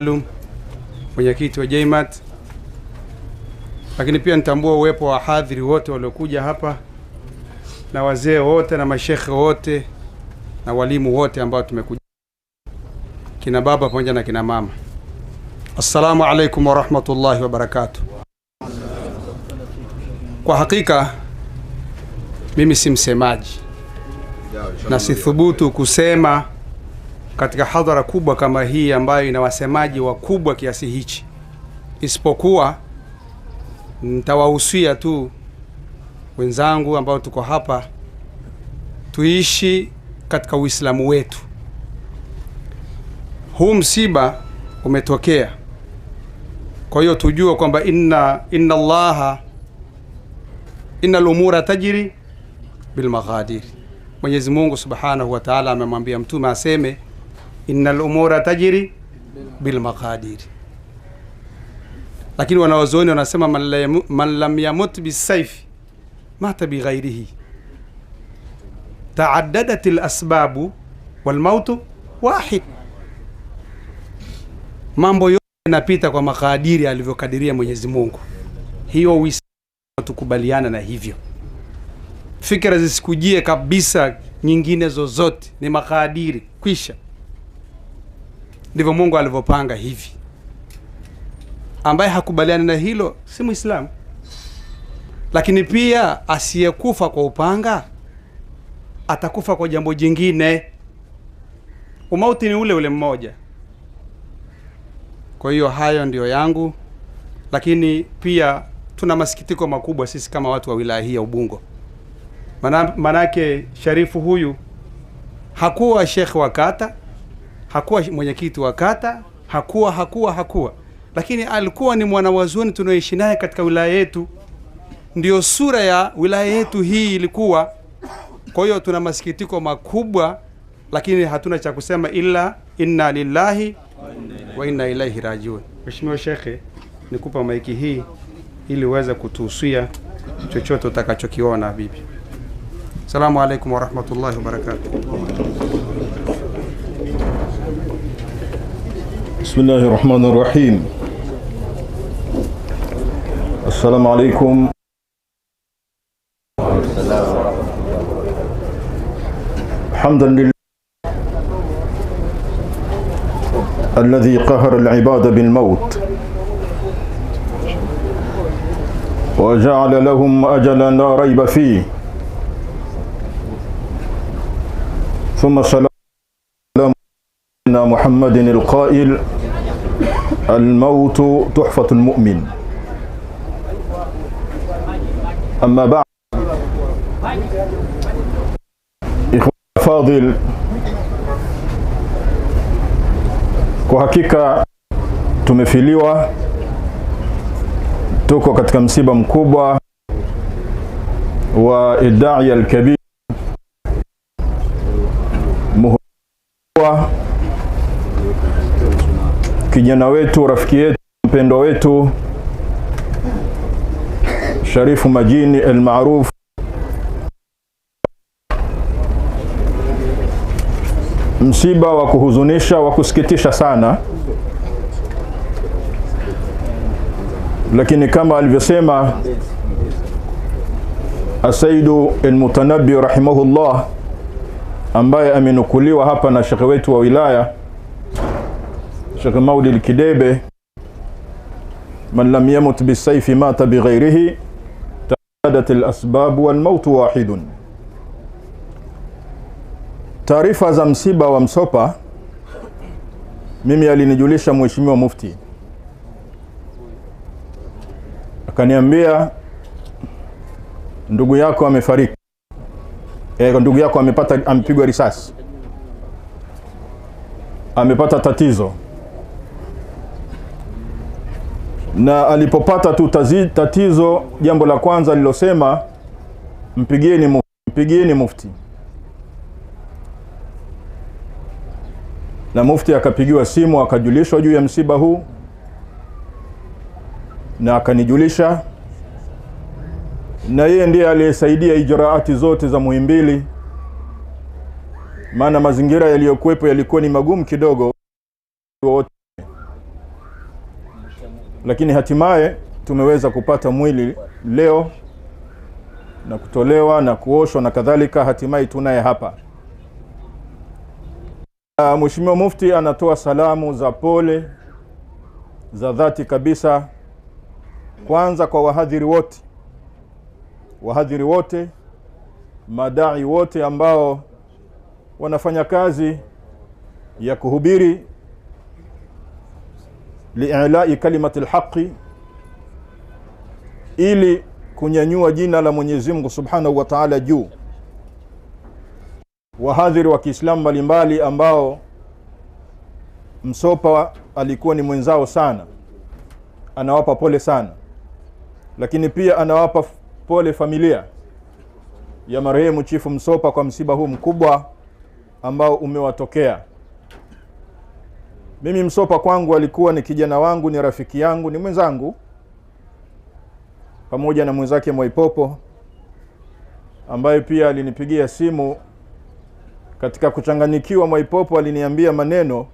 maalum mwenyekiti wa JMAT, lakini pia nitambua uwepo wa wahadhiri wote waliokuja hapa na wazee wote na mashekhe wote na walimu wote ambao tumekuja, kina baba pamoja na kina mama. Assalamu alaikum warahmatullahi wabarakatu Kwa hakika mimi si msemaji na sithubutu kusema katika hadhara kubwa kama hii ambayo ina wasemaji wakubwa kiasi hichi, isipokuwa nitawahusia tu wenzangu ambao tuko hapa, tuishi katika Uislamu wetu. Huu msiba umetokea, kwa hiyo tujue kwamba inna inna llaha inna lumura tajiri bilmaghadiri. Mwenyezi Mungu subhanahu wataala amemwambia mtume aseme innal umura tajiri bil Lakini wanawazoni wanasema man lam yamut bisaifi mata bighairihi taaddadat lasbabu walmautu wahid. Mambo yote yanapita kwa makadiri alivyokadiria Mwenyezi Mungu. Hiyo tukubaliana na hivyo, fikra zisikujie kabisa nyingine zozote, ni makadiri kwisha. Ndivyo Mungu alivyopanga hivi. Ambaye hakubaliani na hilo si mwislamu lakini pia asiyekufa kwa upanga atakufa kwa jambo jingine. Umauti ni ule ule mmoja. Kwa hiyo hayo ndiyo yangu, lakini pia tuna masikitiko makubwa sisi kama watu wa wilaya hii ya Ubungo. manake Sharifu huyu hakuwa shekhe wa kata hakuwa mwenyekiti wa kata, hakuwa hakuwa hakuwa, lakini alikuwa ni mwanawazuni tunaoishi naye katika wilaya yetu. ndio sura ya wilaya yetu hii ilikuwa. Kwa hiyo tuna masikitiko makubwa, lakini hatuna cha kusema ila inna lillahi wa inna ilaihi rajiun. Mheshimiwa Shekhe, nikupa maiki hii ili uweze kutuhusia chochote utakachokiona, bibi. Salamu alaikum warahmatullahi wabarakatuh. بسم الله الرحمن الرحيم السلام عليكم حمدا لله الذي قهر العباد بالموت وجعل لهم أجلا لا ريب فيه ثم سلام سيدنا محمد القائل الموت تحفة المؤمن أما بعد إخوة الفاضل kwa hakika tumefiliwa, tuko katika msiba mkubwa wa idai alkabir muhwa kijana wetu, rafiki yetu, mpendwa wetu Sharifu Majini almaruf msiba wa kuhuzunisha wa kusikitisha sana, lakini kama alivyosema Asaidu Almutanabi rahimahullah, ambaye amenukuliwa hapa na shekhe wetu wa wilaya Sheikh Maulid Kidebe, man lam yamut bisaifi mata bighairihi tadat alasbab walmautu wahidun. Taarifa za msiba wa Msopa mimi alinijulisha Mheshimiwa Mufti, akaniambia ndugu yako amefariki. E, ndugu yako amepata, amepigwa risasi, amepata tatizo na alipopata tu tatizo, jambo la kwanza alilosema mpigieni mufti, mpigieni mufti. Na mufti akapigiwa simu akajulishwa juu ya msiba huu, na akanijulisha, na yeye ndiye aliyesaidia ijraati zote za Muhimbili, maana mazingira yaliyokuwepo yalikuwa ni magumu kidogo wote lakini hatimaye tumeweza kupata mwili leo na kutolewa na kuoshwa na kadhalika, hatimaye tunaye hapa. Ah, Mheshimiwa Mufti anatoa salamu za pole za dhati kabisa, kwanza kwa wahadhiri wote, wahadhiri wote, madai wote ambao wanafanya kazi ya kuhubiri liilai kalimati lhaqi, ili kunyanyua jina la Mwenyezi Mungu subhanahu wa taala juu. Wahadhiri wa Kiislamu mbalimbali ambao Msopa alikuwa ni mwenzao sana, anawapa pole sana, lakini pia anawapa pole familia ya marehemu Chifu Msopa kwa msiba huu mkubwa ambao umewatokea. Mimi Msopa kwangu alikuwa ni kijana wangu, ni rafiki yangu, ni mwenzangu, pamoja na mwenzake Mwaipopo ambaye pia alinipigia simu. Katika kuchanganyikiwa, Mwaipopo aliniambia maneno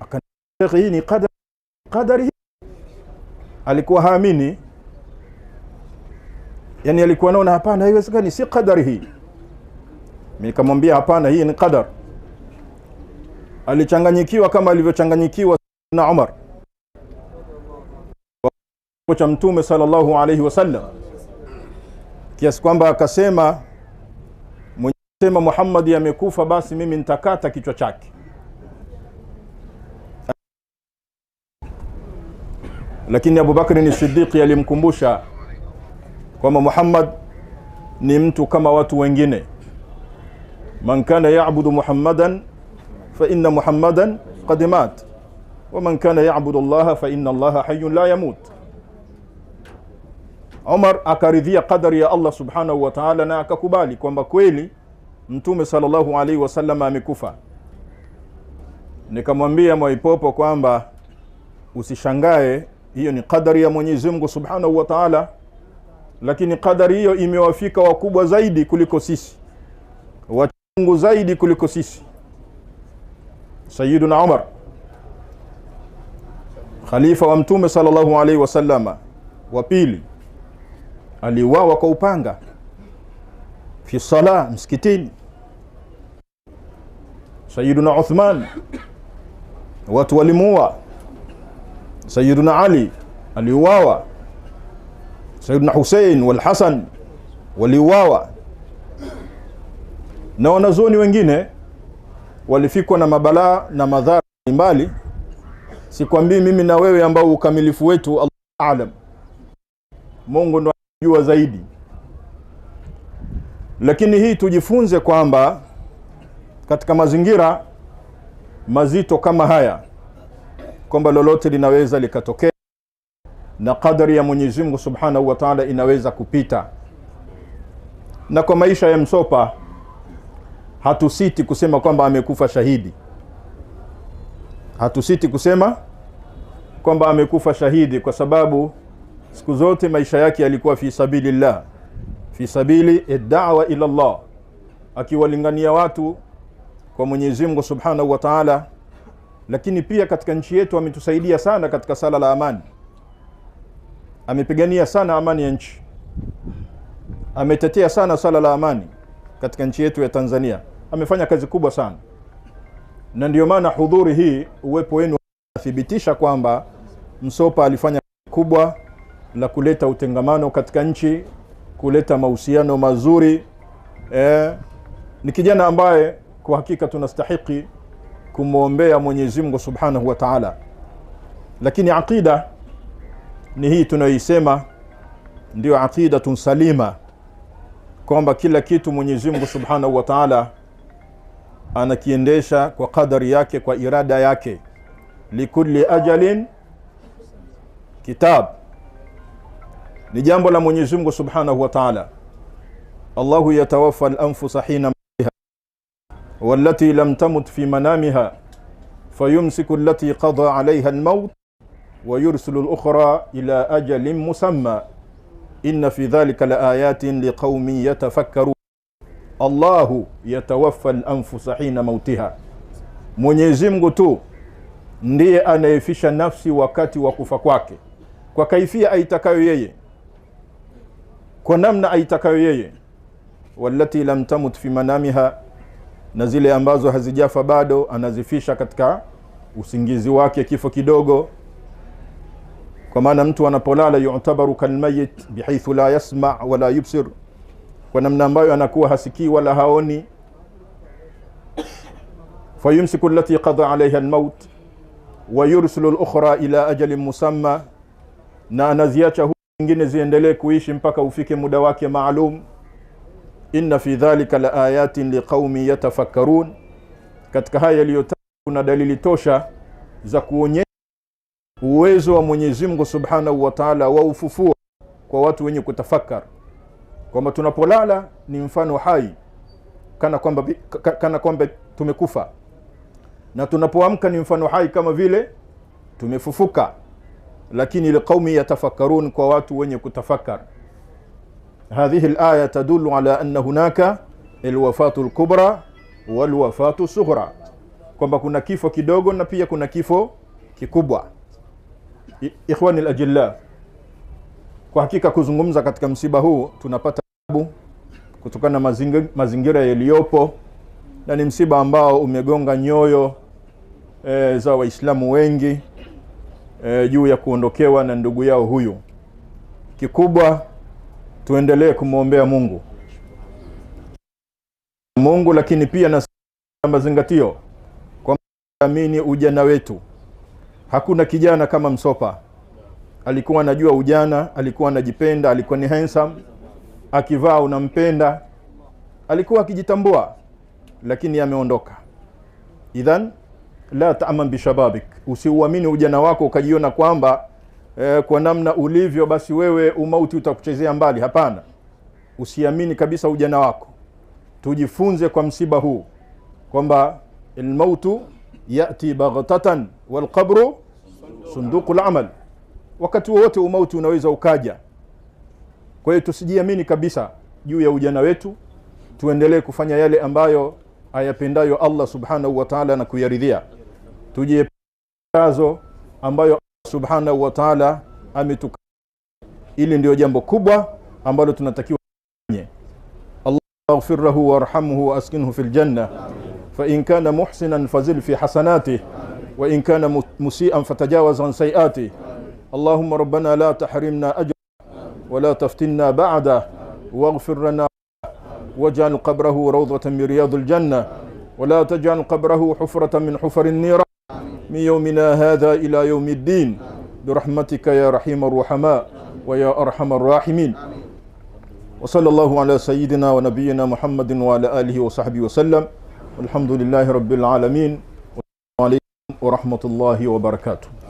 akaniambia, hii ni qadari, hii. Alikuwa haamini, yani alikuwa naona hapana, haiwezekani, si qadari hii. Mimi nikamwambia hapana, hii ni qadar alichanganyikiwa kama alivyochanganyikiwa na Umar cha mtume sallallahu alayhi wasallam kiasi kwamba akasema sema Muhammad amekufa basi mimi nitakata kichwa chake lakini Abu Bakri ni Siddiq alimkumbusha kwamba Muhammad ni mtu kama watu wengine man kana yaabudu Muhammadan fa inna muhammadan qad mat wa man kana ya'budu allaha fa inna allaha hayyun la yamut Omar akaridhia qadari ya Allah subhanahu wa ta'ala na akakubali kwamba kweli mtume sallallahu alaihi wasallam amekufa nikamwambia mwaipopo kwamba usishangae hiyo ni qadari ya Mwenyezi Mungu Subhanahu wa Ta'ala, lakini qadari hiyo imewafika wakubwa zaidi kuliko sisi, wachungu zaidi kuliko sisi. Sayyiduna Umar khalifa wa mtume sallallahu alaihi wasallama wa pili aliuawa kwa upanga fi sala msikitini Sayyiduna Uthman watu walimuua Sayyiduna Ali aliuawa Sayyiduna Hussein wal Hasan waliuawa na wanazuoni wengine walifikwa na mabalaa na madhara mbalimbali. Sikwambii mimi na wewe ambao ukamilifu wetu Allah alam, Mungu ndo anajua zaidi, lakini hii tujifunze kwamba katika mazingira mazito kama haya kwamba lolote linaweza likatokea na kadari ya Mwenyezi Mungu Subhanahu wa Ta'ala inaweza kupita, na kwa maisha ya Msopa hatusiti kusema kwamba amekufa shahidi hatusiti kusema kwamba amekufa shahidi kwa sababu siku zote maisha yake yalikuwa fi sabilillah fi sabili da'wa ila llah akiwalingania watu kwa Mwenyezi Mungu Subhanahu wa Ta'ala lakini pia katika nchi yetu ametusaidia sana katika sala la amani amepigania sana amani ya nchi ametetea sana sala la amani katika nchi yetu ya Tanzania amefanya kazi kubwa sana, na ndio maana hudhuri hii, uwepo wenu unathibitisha kwamba Msopa alifanya kazi kubwa la kuleta utengamano katika nchi, kuleta mahusiano mazuri. Eh, ni kijana ambaye kwa hakika tunastahiki kumwombea Mwenyezi Mungu Subhanahu wa Ta'ala, lakini aqida ni hii tunayoisema ndiyo aqida tunsalima kwamba kila kitu Mwenyezi Mungu Subhanahu wa Ta'ala anakiendesha kwa kadari yake kwa irada yake likulli ajalin kitab ni jambo la Mwenyezi Mungu Subhanahu wa Ta'ala Allahu yatawaffa al-anfusa hina mautiha wallati lam tamut fi manamiha fayumsiku allati qada 'alayha al-maut wa yursilu al-ukhra ila ajalin musamma inna fi dhalika laayatin liqaumin yatafakkarun Allahu yatawaffa lanfusa hina mautiha, Mwenyezi Mungu tu ndiye anayefisha nafsi wakati wa kufa kwake, kwa kaifia aitakayo yeye, kwa namna aitakayo yeye. Wallati lam tamut fi manamiha, na zile ambazo hazijafa bado anazifisha katika usingizi wake, kifo kidogo. Kwa maana mtu anapolala yutabaru kalmayit bihaithu la yasma wala yubsir kwa namna ambayo anakuwa hasikii wala haoni fayumsiku allati qada alaiha almaut wa yursilu lukhra ila ajalin musamma na anaziacha huu nyingine ziendelee kuishi mpaka ufike muda wake maalum inna fi dhalika ayatin liqaumi yatafakkarun katika haya yaliyotaa kuna dalili tosha za kuonyesha uwezo wa mwenyezi mungu subhanahu wa taala wa ufufua kwa watu wenye kutafakar kwamba tunapolala ni mfano hai kana kwamba kana kwamba tumekufa na tunapoamka ni mfano hai kama vile tumefufuka lakini liqaumi yatafakkarun kwa watu wenye kutafakar hadhihi alaya tadullu ala anna hunaka alwafatu alkubra walwafatu sughra kwamba kuna kifo kidogo na pia kuna kifo kikubwa ikhwani alajilla kwa hakika kuzungumza katika msiba huu tunapata kutokana na mazingira yaliyopo na ni msiba ambao umegonga nyoyo e, za Waislamu wengi e, juu ya kuondokewa na ndugu yao huyu. Kikubwa tuendelee kumwombea Mungu Mungu, lakini pia na mazingatio kwa amini ujana wetu. Hakuna kijana kama Msopa, alikuwa anajua ujana, alikuwa anajipenda, alikuwa ni handsome akivaa unampenda. Alikuwa akijitambua, lakini ameondoka. Idhan la taman bishababik, usiuamini ujana wako ukajiona kwamba eh, kwa namna ulivyo basi wewe umauti utakuchezea mbali. Hapana, usiamini kabisa ujana wako. Tujifunze kwa msiba huu kwamba lmautu yati baghtatan walqabru sunduku lamal wakati wowote umauti unaweza ukaja. Kwa hiyo tusijiamini kabisa juu ya ujana wetu, tuendelee kufanya yale ambayo ayapendayo Allah subhanahu wa taala na kuyaridhia, tujiekazo ambayo Allah subhanahu wa taala ametuka. Ili ndio jambo kubwa ambalo tunatakiwa kufanye. Allahumma lahu warhamhu waaskinhu fil janna fa in kana muhsinan fazil fi hasanatih wa in kana musian fatajawaz an sayiatih. Allahumma rabbana la tahrimna ajra ولا تفتنا بعده واغفر لنا واجعل قبره روضة من رياض الجنة ولا تجعل قبره حفرة من حفر النيران من يومنا هذا إلى يوم الدين برحمتك يا رحيم الرحماء ويا أرحم الراحمين وصلى الله على سيدنا ونبينا محمد وعلى آله وصحبه وسلم والحمد لله رب العالمين والسلام عليكم ورحمة الله وبركاته